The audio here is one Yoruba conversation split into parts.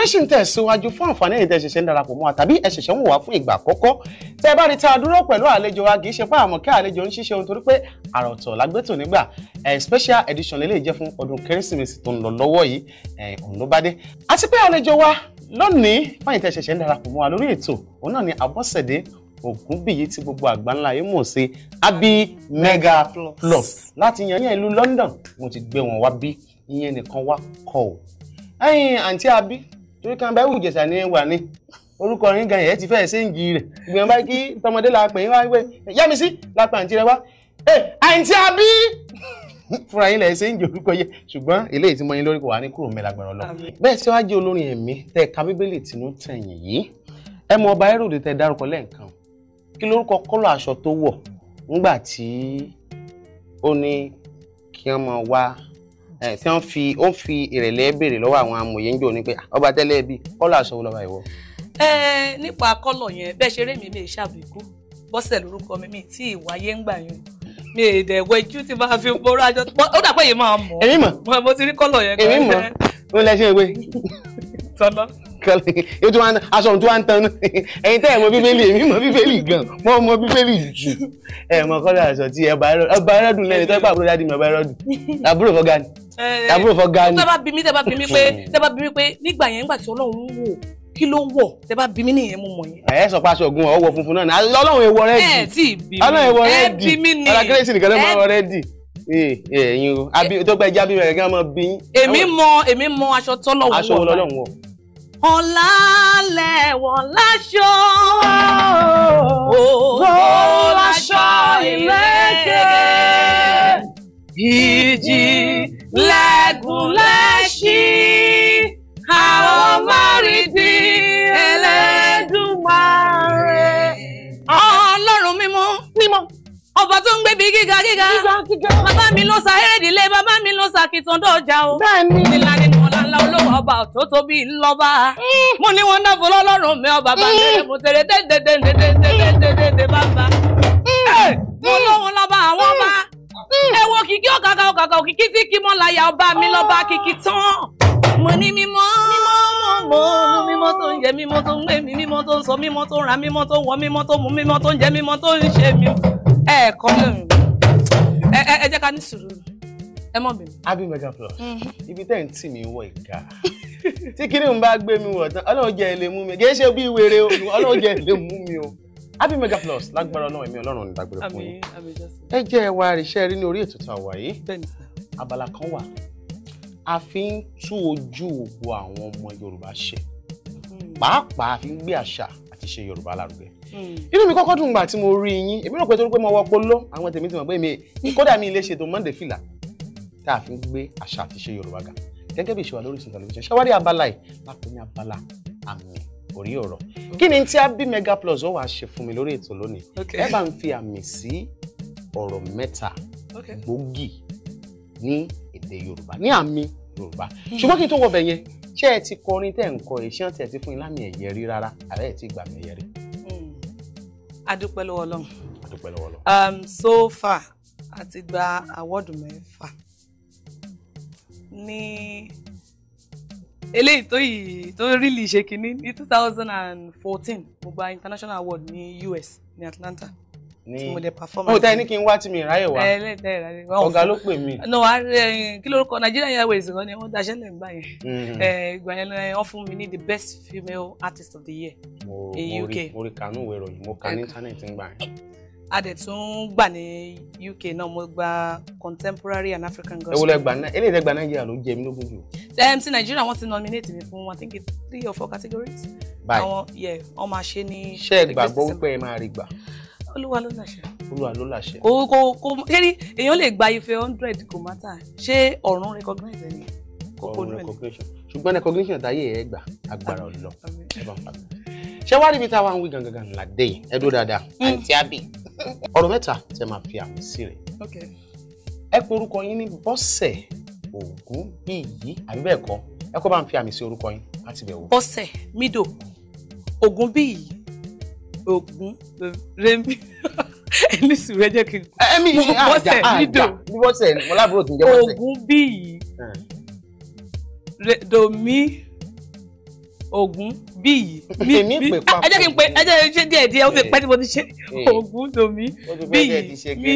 eré ṣì tẹ̀síwájú fún àǹfààní èyí tẹ́ ń darapọ̀ mọ́ wa tàbí ẹ ṣẹ̀ṣẹ̀ ń wò wá fún ìgbà àkọ́kọ́ tẹ́ ẹ bá rí tá a dúró pẹ̀lú àlejò wa kìí ṣe pé àmọ́ kí àlejò ń ṣiṣẹ́ ohun torí pé àròtọ̀ lágbẹ́tò nígbà special edition lè lè jẹ́ fún ọdún kérésìmesì tó ń lọ lọ́wọ́ yìí òun ló bá dé àti pé àlejò wa lónìí fáyìntì ni Abọ́sẹ̀dé Ògúnbíyí tí gbogbo àgbáńlá ayé mọ̀ Abi Mega Plus láti yan yẹn London mo ti gbé wọn wá bí ìyẹn nìkan wá kọ ò ẹ̀yin àǹtí Abi torí kan bẹ́ẹ̀ wùjẹ̀sà ni wà ní orúkọ yín gan yẹn ti fẹ́ẹ̀ séǹgì rẹ̀ gbìyànjú báyìí kí tọmọdé la pè yín wá wípé yá mi sí la pè àǹtí rẹ wá ẹ àǹtí àbí fúnra yín lẹ̀ séǹgì orúkọ yẹ ṣùgbọ́n eléyìí tí mo yín lórí kò wá ní kúrò mẹ́lágbọ̀rọ̀ lọ. bẹ́ẹ̀ tí wàá jẹ́ olórin ẹ̀mí tẹ ka bíbélì tìǹú tẹ̀yìn yìí ẹ mọ ọba Héròdè tẹ dárúkọ lẹ́ẹ̀kan kí lórúkọ kọ́lọ̀ aṣọ tó wọ̀ nígbà tí ó ní kí wọ́n máa wá ẹ tí wọ́n fi ó fi ìrẹ̀lẹ̀ béèrè lọ́wọ́ àwọn amòye ń jò ní pé ah, ọba tẹ́lẹ̀ bí kọ́lọ̀ aṣọ wo lọ́ba ìwọ. ẹ nípa kọ́lọ̀ yẹn bẹ́ẹ̀ ṣeré mi mi ìṣàbíkú bọ́sẹ̀ lórúkọ mi mi tí ìwáyé ń gbà yẹn mi ì dẹ̀ wẹjú ti máa fi ború ajọ ó dà pé yìí máa mọ̀ èmi mọ̀ mo ti rí kọ́lọ̀ yẹn. èmi mọ̀ ó lẹ ṣe ìwé. tọ́lá kọ́lé ètò aṣọ tó wà ń tanú ẹ̀yin tẹ́ ẹ̀ mọ bíbélì èmi mọ bíbélì gan mọ mọ bíbélì jù ẹ̀ mọ kọ́lé aṣọ tí ẹ̀ bá ẹrọ́dún lẹ́nu tẹ́ pé àbúrò dáàdì mi ọba ẹrọ́dún àbúrò fọ́gá ni àbúrò fọ́gá ni. tẹ́ bá bí mi tẹ́ bá bí mi pé tẹ́ bá bí mi pé nígbà yẹn nígbà tí Ọlọ́run ń wò kí ló ń wọ̀ tẹ bá bí mi nìyẹn mo mọ̀ yẹn. ẹ sọ pé aṣọ ògùn ọwọ́ funfun náà ni Ọlọ́run ewọ rẹ dì ẹ tí bí mi Ọlọ́run ewọ rẹ dì ọlá kérésì nìkan ló máa wọ rẹ dì ẹyin o tó gbẹ jábí rẹ gán mọ bí. èmi mọ èmi mọ aṣọ tọ́lọ̀ wọ̀ aṣọ wo lọ́lọ́run wọ̀ ọ̀la lẹ̀wọ̀ láṣọ. ògbó láṣọ ìlẹ́kẹ̀. ìjì lẹ́gùn lẹ́ṣí. àwọn márìndì Ẹlẹ́dùmarè. ọlọ́run mímọ́ mímọ́ ọba tó ń gbébi gíga gíga bàbá mi ló sa erédìlé bàbá mi ló sa kìtàn dọ̀jà o. bẹ́ẹ̀ ni ìlànà ọba tó tóbi ńlọ́ba mo ní wọn náà fọlọ́ lọ́rùn mi ọba bá tẹ̀lé mo tẹ̀lé dédédédédédédédédé bàbá mo lóhun lọ́ba àwọn ọba ẹ wo kìkì ọ̀kàkà ọ̀kàkà òkìkí tí kí mọ́ láyà ọba mi lọ́ba kìkì tán mo ní mímọ́ mímọ́ mọ́ mọ́ mímọ́ tó ń jẹ mímọ́ tó ń gbé mi mímọ́ tó ń sọ mímọ́ tó ń ra mímọ́ tó ń wọ mímọ́ tó ń mu mímọ́ tó ń jẹ mímọ́ tó ń ṣe mi ẹ̀ẹ̀kan ẹ jẹ́ ká ní sùúrù ẹ mọ̀ bẹ̀rẹ̀. abi mega plus ibi tẹ́ ń tì mí wọ ìka tí kinní ń bá gbé mi wọ̀ tán ọlọ́run jẹ́ ilé mú mi kì í ṣe bí wèrè o ọlọ́run jẹ́ ilé mú mi o abi mega plus lágbára ọlọ́run èmi ọlọ́run ní dágbére fún yín ẹ jẹ́ ẹwà àríṣẹ́ rí ní orí ètò tá a wà yìí abala kan wà a fi ń tú ojú òkú àwọn ọmọ yorùbá ṣe hmm. pàápàá a fi ń gbé àṣà àti ṣe yorùbá lárugẹ hmm. inú mi kọ́kọ́ dùn gbà tí mo rí yín èmi rò pé torí pé mo wọ polo àwọn tèmi ti mọ̀ pé mi kódà mi ilé ṣètò monday fìlà tá a fi ń gbé àṣà àti ṣe Yorùbá ga gẹ́gẹ́ bí ìṣèwà lórí ìsìn tẹlifíṣàn ṣọwárí abala yìí lápò ní abala àmì orí ọ̀rọ̀ kí ni tí a bí mega plus ó wàá ṣe fún mi lórí ètò lónìí ẹ bá ń fi àmì sí ọ̀rọ̀ mẹ́ta gbòógì ní èdè Yorùbá ní àmì Yorùbá ṣùgbọ́n kí n tó wọ bẹ̀ yẹn ṣé ẹ ti kọrin tẹ́ ń kọ èṣí àti ẹ̀ ti fún yín ẹ̀yẹ rí rárá ààrẹ ẹ̀ ti gbà mí ẹ̀yẹ rí. Hmm. adúpẹ́ lọ́wọ́ Ọlọ́run. adúpẹ́ um, so far a ti gba awọ́dù mẹ́fà ní eléyìí tó yìí tó really ṣe kínní ní two thousand and fourteen mo gba international award ní US ní Atlanta tí mo dẹ̀ perform. o oh, tẹ́ ní kí n wá tí mi ráyè eh, wá ọ̀gá ló pè mí. no eh, kí lórúkọ Nigerian Airways gan ni wọ́n daṣẹ́ lẹ̀ ń gbà yẹn mm-hmm. eh, ìgbà yẹn wọ́n fún mi ní the best female artist of the year in UK. mo rí kanú ìwé ìròyìn mo kà ní internet ń yẹn a dẹ̀ tún gbà ní UK náà mo gba contemporary and African gospel. ẹ wọlé gba eléyìí tẹ gba Nàìjíríà ló jẹ mí lógún jù. ti Nàìjíríà wọ́n ti nominate mi fún I think three or four categories. báyìí àwọn yẹ wọ́n máa ṣe ní. ṣé ẹ gbàgbọ́ wípé ẹ máa rí gbà. Olúwa ló láṣẹ. Olúwa ló láṣẹ. kò kò kò ṣé ni èèyàn lè gba ife hundred kò má tà ṣé ọ̀run recognize ẹni. ọ̀run recognition ṣùgbọ́n recognition táyé ẹ gbà agbára ọ̀lọ́ ṣé wàá níbi táwa ń wí gangan ńlá dé ẹ dúró dáadáa àǹtí àbí ọ̀rọ̀ mẹ́ta tẹ máa fi àmì sí rẹ̀ ẹ pe orúkọ yín ní bọ́sẹ̀ ògún bíi yìí àbí bẹ́ẹ̀ kọ́ ẹ kọ́ bá ń fi àmì sí orúkọ yín láti bẹ̀ wò. bọ́sẹ̀ mídò ògún bíi yìí ògún rẹ́mi ẹni sùúrù ẹ jẹ́ kí n. ẹ̀mí ìṣe bọ́sẹ̀ mo ògún bíi yìí domi ògún bí yìí mi mi ẹ jẹ́ kí n pe ẹ jẹ́ kí n ṣe díẹ̀ díẹ̀ ó ti eh, pẹ́ tí mo ti ṣe eh. oògùn domi bí yìí mi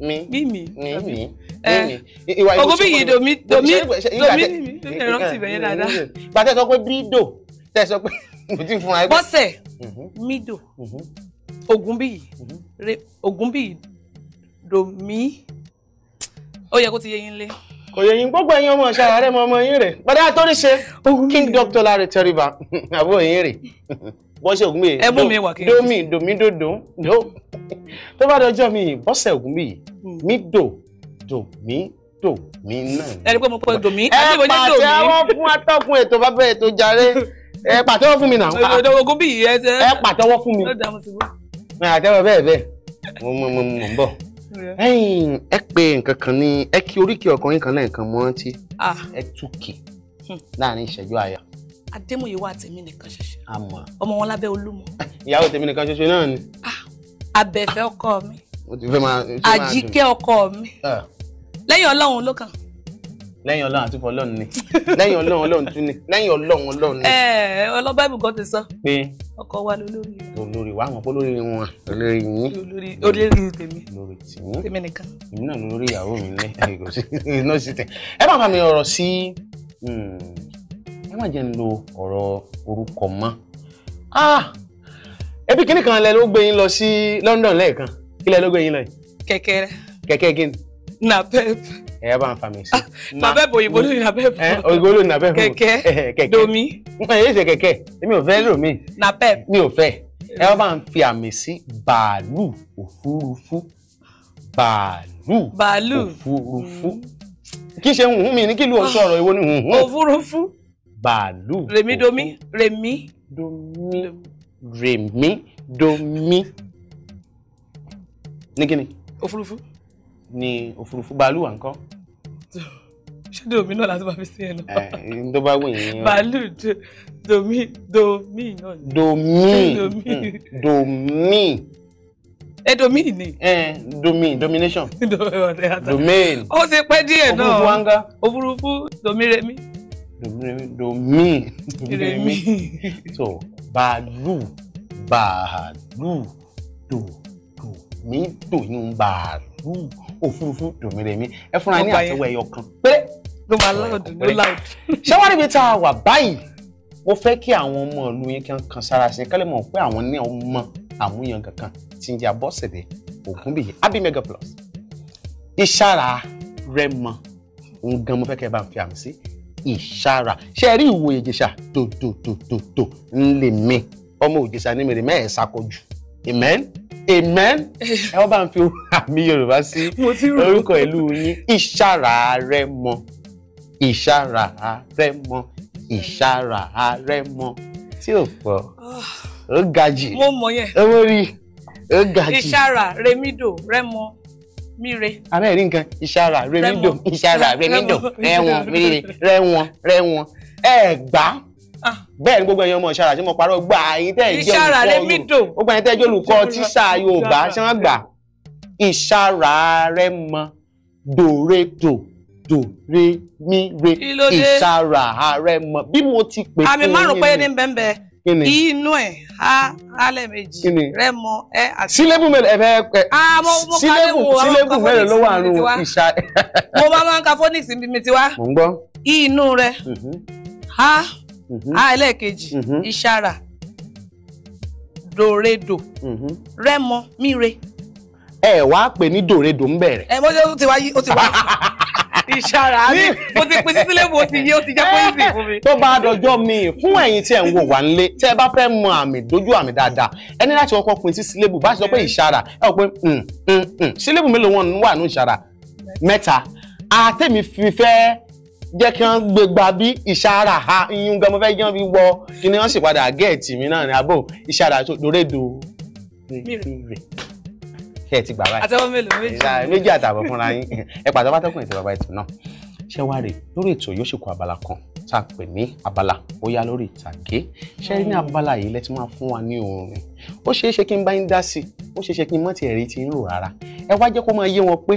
mi mi mi mi oògùn bí yìí domi domi domi domi ẹ̀rọ ti bẹ̀yẹ dáadáa. gbàtẹ́ sọ pé bídò tẹ́ sọ pé mo ti fún wa. bọ́sẹ̀ mídò oògùn bí yìí oògùn bí yìí domi ó yẹ kó ti yé yín lé kò yẹ yín gbogbo ẹ̀yin ọmọ ṣe àárẹ̀ ọmọ yín rẹ̀ bàdá torí ṣe king doctor Larry tẹríba àbúrò yín rè bọ́sẹ̀ ògúnbí yìí domi domi dodo do tó bá dọjọ́ mi yìí bọ́sẹ̀ ògúnbí yìí hmm. mi do domi domi náà. ẹni pé mo pẹ́ domi àti ìwé ní domi. ẹ pàtẹ́wọ́ fún atọ́kùn ètò bàbá ètò jàre ẹ pàtẹ́wọ́ fún mi náà. ògúnbí yìí ẹ pàtẹ́wọ́ fún mi. ẹ pàtẹ́wọ́ bẹ́ẹ̀ bẹ́ẹ̀ mo mọ̀ mọ̀ ẹ̀yin ẹ pé nǹkan kan ní ẹ kí oríkì ọkùnrin kan lẹ́ẹ̀kan mọ́ rántí ẹ túkì hmm. láàrin ìṣẹ́jú àyà. adémòye wà tèmi nìkan ṣoṣo ọmọ wọn lábẹ́ olúmọ. ìyàwó tèmi nìkan ṣoṣo náà ni. abẹ́fẹ́ ọkọ mi àjíkẹ́ ọkọ mi lẹ́yìn ọlọ́run ló kàn lẹ́yìn ọlọ́run àti fọlọ́run ni lẹ́yìn ọlọ́run ọlọ́run tún ni lẹ́yìn ọlọ́run ọlọ́run ni. ẹ ọlọ́ba ìbùkọ́ ti sọ. pé ọkọ wa lolórí. olórí wa àwọn pé olórí wọn olórí yín. olórí olórí tèmi. olórí tèmi. tèmi nìkan. èmi náà lórí ìyàwó mi ní ẹ̀kọ́ sí iná sí tẹ̀. ẹ bá bá mi ọ̀rọ̀ sí hmm, ẹ má jẹ́ ń lo ọ̀rọ̀ orúkọ mọ́. Ah! ẹbí kìnnì kan lẹ ló gbé yín lọ sí London lẹ́ẹ̀kan kí lẹ ló gbé yín lọ yìí. kẹ̀kẹ́ kẹ̀kẹ́ gíní. na pep ẹ bá ń fa mi sí. na bẹ́ẹ̀ bò òyìnbó lónìí na bẹ́ẹ̀ bò. Eh, òyìnbó lónìí na bẹ́ẹ̀ bò. Eh, eh, kẹ̀kẹ́ domi. n yéé ṣe kẹ̀kẹ́ èmi ò fẹ́ lomi. na pep. mi ò fẹ́ ẹ bá ń fi àmì sí bàálù òfurufú bàálù bàálù òfurufú kí ṣe hùn mí ní kí ló ń sọ̀rọ̀ ìwọ ni hùn hùn. òfurufú. bàálù òfurufú rèmi domi rèmi. domi rèmi domi. ní kíni. òfurufú ni òfurufú bàálù wà ńkọ́. ṣé domi náà láti máa fi sí ẹ ẹ n bá wù bàálù domi domi náà ni. domi hmm, domi. ẹ domi ni. ẹ domi domination. domain. ó ti pẹ́ díẹ̀ náà òfurufú wanga. òfurufú domiremi. domiremi domi domiremi so bàálù bàálù do domi doyin bàálù òfurufú dòmìrèmí ẹ fúnra ní àtẹwọ́ ẹyọ kan pé ló máa loud ló loud. ṣé wàá níbi tá a wà báyìí mo fẹ́ kí àwọn ọmọ ìlú yẹn kan kan sára sí kálí mọ̀ pé àwọn ní ọmọ àmúyàn kankan tí ń jẹ́ Abọ́sẹ̀dé Ògúnbíyì Abi Mega Plus ìṣàrà Rẹ́mọ nǹkan mo fẹ́ kẹ́ ẹ bá ń fi àmì sí ìṣàrà ṣe rí ìwò Ìjẹ̀ṣà tòtòtòtò ńlẹ̀ mi ọmọ Ìjẹ̀ṣà ní mèrè mẹ́ẹ̀ẹ́sà kọjú amen amen ẹ wọ́n bá ń fi àmì yorùbá sí orúkọ ìlú yín ìṣàrà Àrẹ̀mọ ìṣàrà Àrẹ̀mọ ìṣàrà Àrẹ̀mọ tí ò pọ̀ ó ga jù mo mọ̀ yẹn owó rí ó ga jù ìṣàrà remido rẹmọ mire. abẹ́rẹ́ rí nǹkan ìṣàrà remido ìṣàrà remido rẹwọn mire rẹwọn rẹwọn ẹ gbà á ah. bẹ́ẹ̀ ni gbogbo ẹ̀yin ọmọ ìṣàrà tí mo parọ́ gbà ẹ̀yin tẹ́ ẹ̀ jẹ́ olùkọ́ ọ̀gbà ẹ̀yin tẹ́ ẹ̀ jẹ́ olùkọ́ tíṣà Yorùbá ṣé wọ́n gbà ìṣara rẹ mọ dòre dò dòre mi re ìṣara rẹ mọ bí mo ti pè fún yín. àmì márùn pé ní bẹ́ẹ̀nbẹ́ inú ẹ̀ á alẹ́ méjì rẹ mọ ẹ àti. sílébù mélòó ẹ fẹ́ ẹ ah, sílébù sílébù ló wà nù ìṣá. mo máa máa ń ka phonics bí mi ti wá. mo inú rẹ mhm. á mhm. á ẹlẹ́ẹ̀kejì mhm. ìṣara dòre dò rẹ mọ mi re ẹ wá pè ní dòredò ń bẹ̀rẹ̀. ẹ mọ́jọ́ ó ti wá yí ó ti wá ìṣara mi mo ti pin sílẹ̀ mo ti yé o ti jẹ́ pọ́ìsì fún mi. tó bá dọjọ́ mi fún ẹ̀yin tí ẹ̀ ń wò wá nílé tí ẹ bá fẹ́ mọ àmì dojú àmì dáadáa ẹ ní láti kọ́kọ́ pin sí sílẹ̀bù bá ṣe sọ pé mm. ìṣara ẹ wò pé mm, mm, sílẹ̀bù mélòó wọn wà ní ìṣara mẹ́ta àtẹ̀mí fi fẹ́ jẹ́ kí wọ́n gbé gba bí ìṣara ha iyún gan mo fẹ́ jẹ́ wọ́n fi wọ kí ni wọ́n sì padà gẹ̀ẹ́tì mi náà ní abó ìṣara tó dòrédò ṣé ẹ ti gbà báyìí. àtẹwọ́ mélòó méjì. méjì àtààbọ̀ fúnra yín ẹ pàtó bá tọkùn ètò bàbá ètò náà. ṣé wàá rè lórí ètò yóò ṣèkọ abala kan tá a pè ní abala ó yá lórí ìtàgé ṣé ní abala yìí lẹ ti máa fún wa ní orin ó ṣeé ṣe kí n bá yín dá sí i ó ṣeé ṣe kí n mọ̀ tiẹ̀ rí ti ń rò rárá ẹ wá jẹ́ kó máa yé wọn pé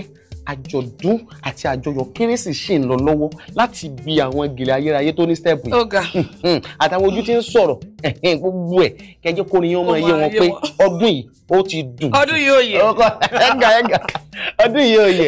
àjọ̀dún àti àjọyọ̀ kérésì ṣì ń lọ lọ́wọ́ láti bi àwọn gèlè ayérayé tó ní stẹ́ẹ̀pù yìí hmm, hmm. àtàwọn ojú tí ń sọ̀rọ̀ gbogbo ẹ̀ kẹjẹ́ kórin yẹn máa yé wọn pé ọdún yìí ó ti dùn ọdún yìí ó yẹ ọdún yìí ó yẹ.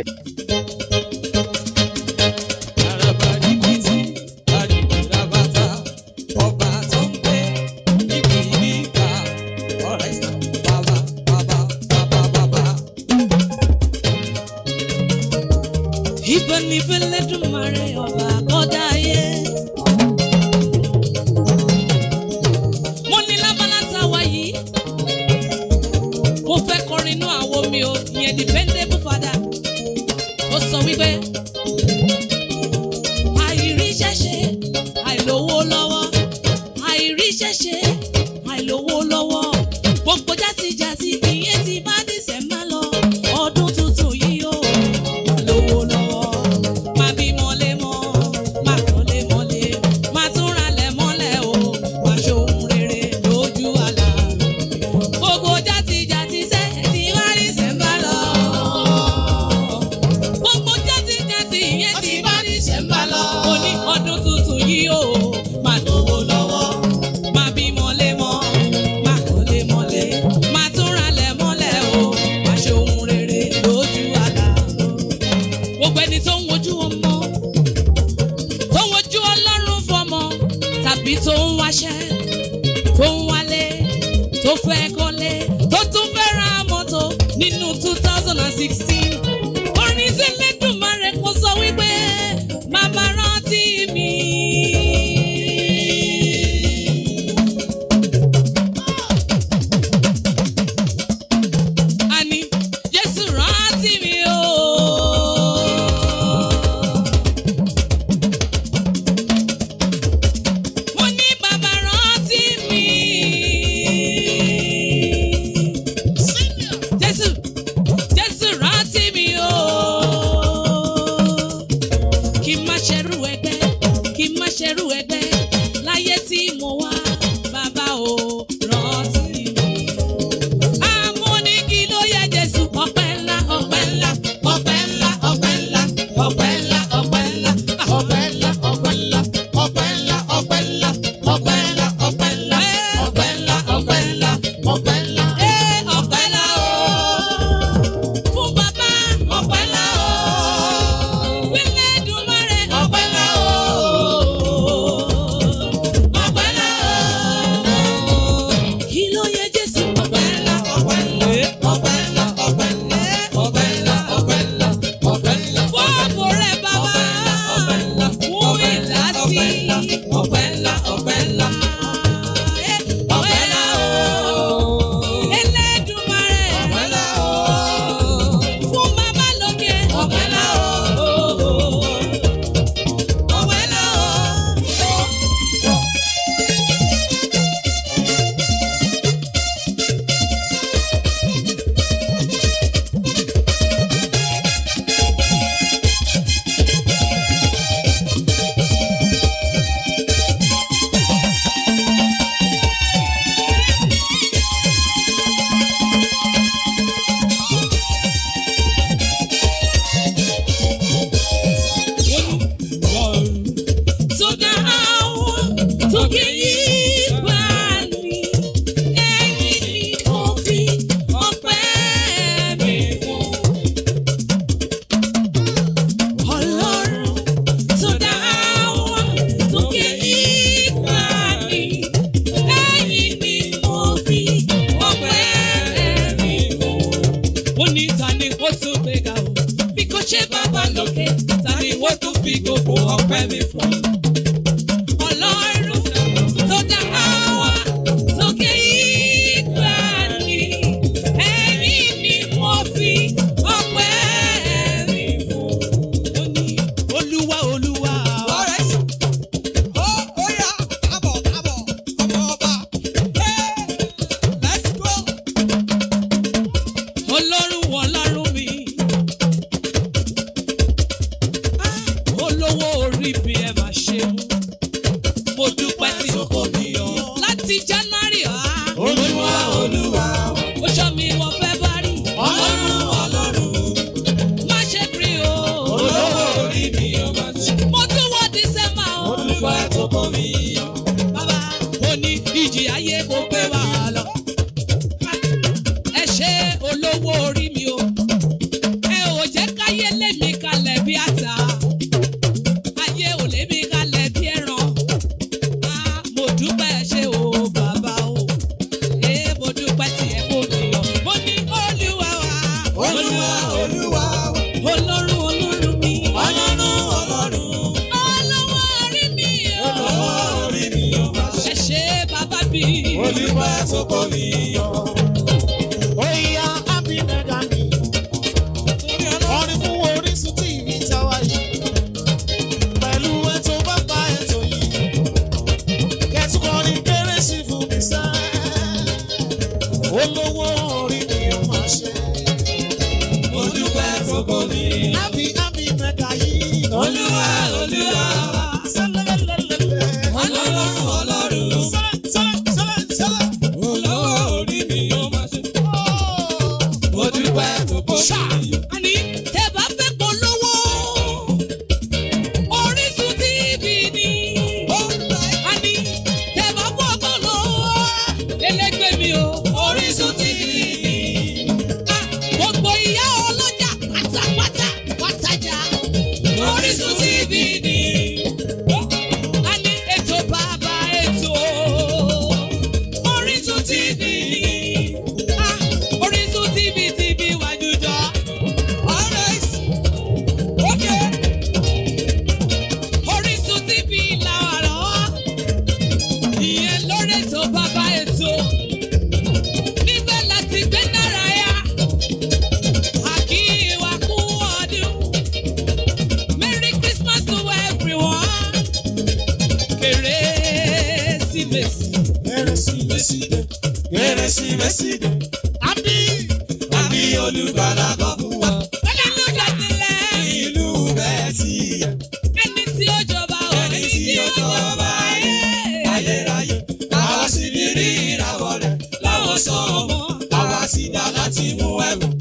tó fẹ́ kọ́lé tó tún fẹ́ ra mọ́tò nínú two thousand and sixteen. sókè I'm. àlá ti mú ẹrù.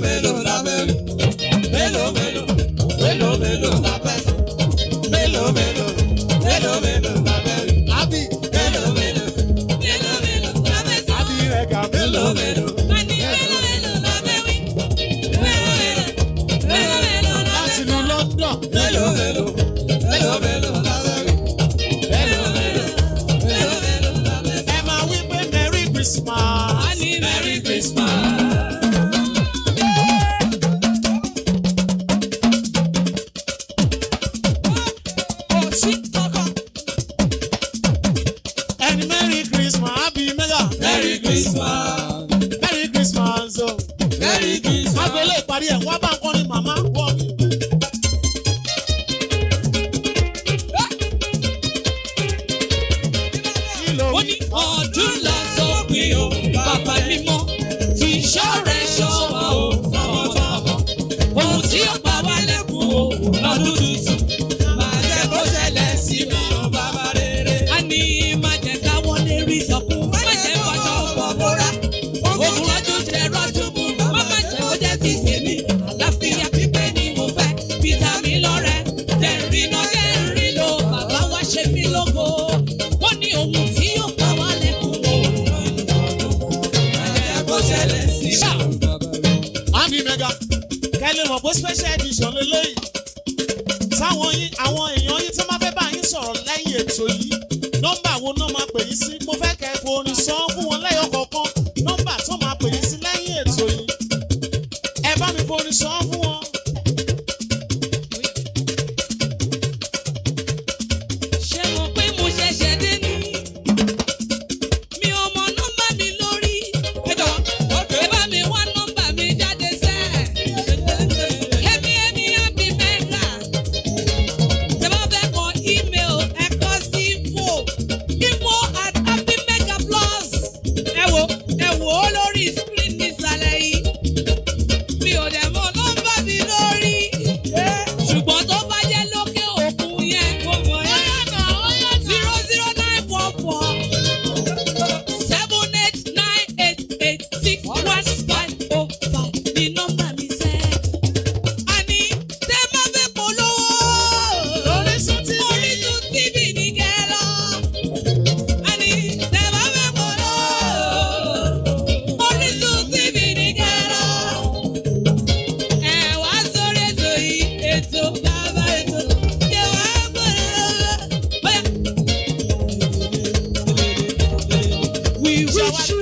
dámelo, dámelo. 别挖吧。ṣẹlẹ̀ sí i. àmì mẹ́ga. kẹ́lẹ́ mọ̀ pé special edition lélẹ́yìn. sáwọn yín àwọn èèyàn yín tí wọ́n bá fẹ́ bá yín sọ̀rọ̀ lẹ́yìn ètò yìí nọ́mbà wo náà máa pè yín sí mo fẹ́ kẹ́ ẹ forin sanwó. Reach